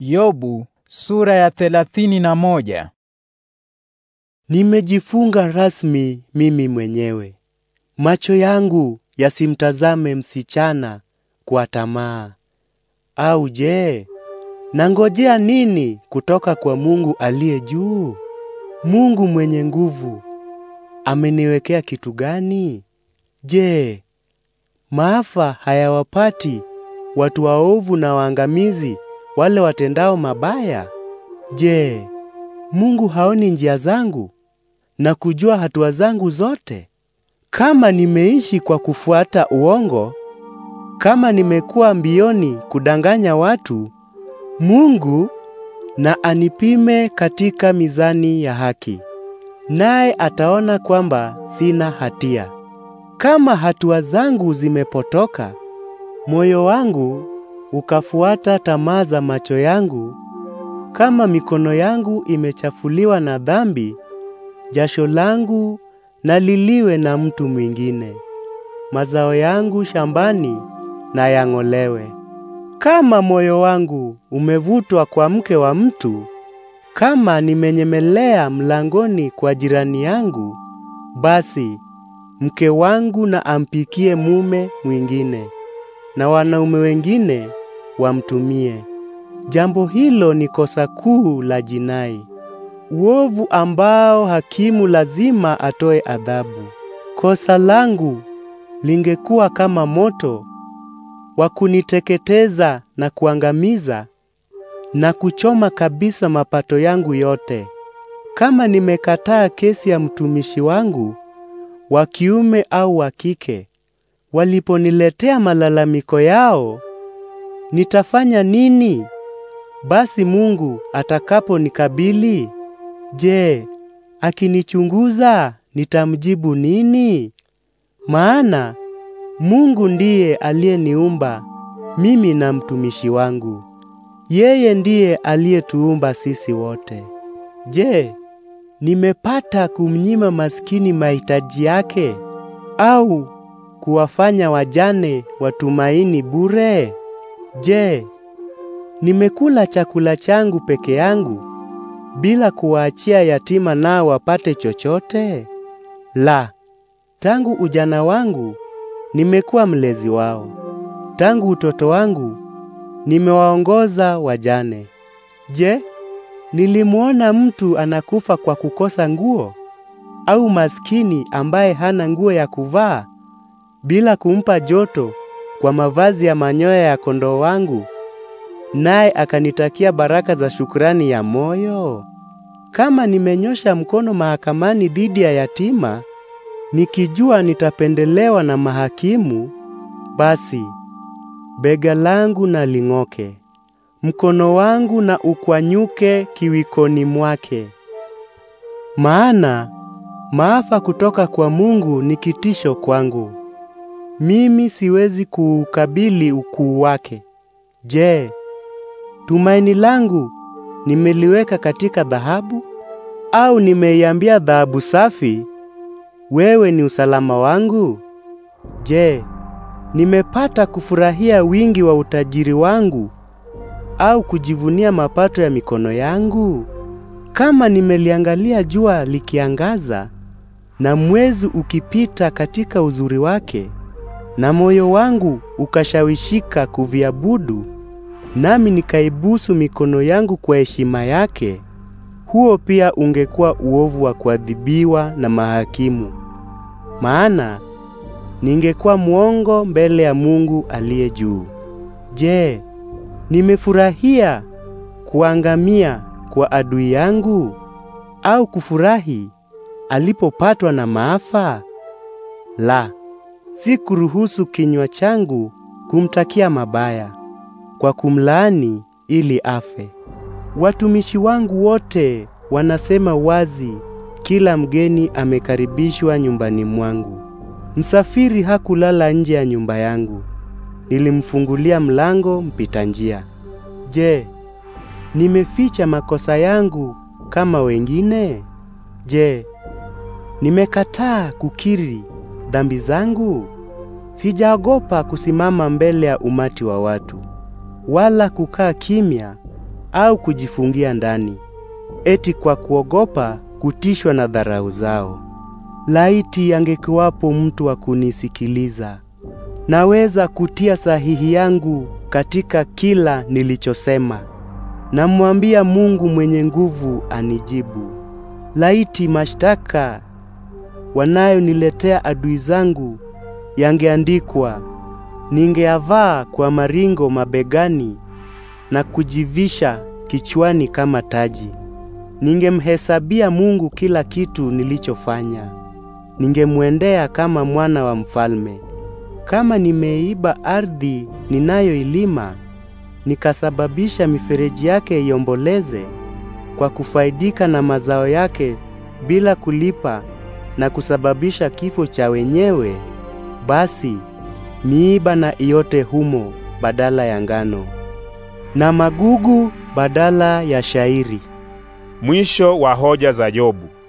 Yobu sura ya thelathini na moja. Nimejifunga rasmi mimi mwenyewe, macho yangu yasimtazame msichana kwa tamaa. Au je, nangojea nini kutoka kwa Mungu aliye juu? Mungu mwenye nguvu ameniwekea kitu gani? Je, maafa hayawapati watu waovu na waangamizi wale watendao mabaya? Je, Mungu haoni njia zangu na kujua hatua zangu zote? Kama nimeishi kwa kufuata uongo, kama nimekuwa mbioni kudanganya watu, Mungu na anipime katika mizani ya haki, naye ataona kwamba sina hatia. Kama hatua zangu zimepotoka, moyo wangu ukafuata tamaa za macho yangu, kama mikono yangu imechafuliwa na dhambi, jasho langu na liliwe na mtu mwingine, mazao yangu shambani na yang'olewe. Kama moyo wangu umevutwa kwa mke wa mtu, kama nimenyemelea mlangoni kwa jirani yangu, basi mke wangu na ampikie mume mwingine, na wanaume wengine wamtumie. Jambo hilo ni kosa kuu la jinai, uovu ambao hakimu lazima atoe adhabu. Kosa langu lingekuwa kama moto wa kuniteketeza na kuangamiza na kuchoma kabisa mapato yangu yote, kama nimekataa kesi ya mtumishi wangu wa kiume au wa kike waliponiletea malalamiko yao Nitafanya nini basi Mungu atakaponikabili? Je, akinichunguza nitamjibu nini? Maana Mungu ndiye aliyeniumba mimi na mtumishi wangu. Yeye ndiye aliyetuumba sisi wote. Je, nimepata kumnyima maskini mahitaji yake au kuwafanya wajane watumaini bure? Je, nimekula chakula changu peke yangu bila kuwaachia yatima nao wapate chochote? La, tangu ujana wangu nimekuwa mlezi wao. Tangu utoto wangu nimewaongoza wajane. Je, nilimwona mtu anakufa kwa kukosa nguo au maskini ambaye hana nguo ya kuvaa bila kumpa joto kwa mavazi ya manyoya ya kondoo wangu, naye akanitakia baraka za shukrani ya moyo? Kama nimenyosha mkono mahakamani dhidi ya yatima, nikijua nitapendelewa na mahakimu, basi bega langu na ling'oke, mkono wangu na ukwanyuke kiwikoni mwake. Maana maafa kutoka kwa Mungu ni kitisho kwangu mimi siwezi kuukabili ukuu wake. Je, tumaini langu nimeliweka katika dhahabu? Au nimeiambia dhahabu safi, wewe ni usalama wangu? Je, nimepata kufurahia wingi wa utajiri wangu au kujivunia mapato ya mikono yangu? Kama nimeliangalia jua likiangaza na mwezi ukipita katika uzuri wake, na moyo wangu ukashawishika kuviabudu, nami nikaibusu mikono yangu kwa heshima yake, huo pia ungekuwa uovu wa kuadhibiwa na mahakimu. Maana ningekuwa mwongo mbele ya Mungu aliye juu. Je, nimefurahia kuangamia kwa adui yangu au kufurahi alipopatwa na maafa? La! Sikuruhusu kinywa changu kumtakia mabaya kwa kumlaani ili afe. Watumishi wangu wote wanasema wazi, kila mgeni amekaribishwa nyumbani mwangu. Msafiri hakulala nje ya nyumba yangu, nilimfungulia mlango mpita njia. Je, nimeficha makosa yangu kama wengine? Je, nimekataa kukiri dhambi zangu? Sijaogopa kusimama mbele ya umati wa watu, wala kukaa kimya au kujifungia ndani, eti kwa kuogopa kutishwa na dharau zao. Laiti angekuwapo mtu wa kunisikiliza! Naweza kutia sahihi yangu katika kila nilichosema. Namwambia Mungu mwenye nguvu anijibu. Laiti mashtaka wanayoniletea adui zangu yangeandikwa, ningeyavaa kwa maringo mabegani na kujivisha kichwani kama taji. Ningemhesabia Mungu kila kitu nilichofanya, ningemwendea kama mwana wa mfalme. Kama nimeiba ardhi ninayoilima nikasababisha mifereji yake iomboleze, kwa kufaidika na mazao yake bila kulipa na kusababisha kifo cha wenyewe, basi miiba na iote humo badala ya ngano na magugu badala ya shairi. Mwisho wa hoja za Jobu.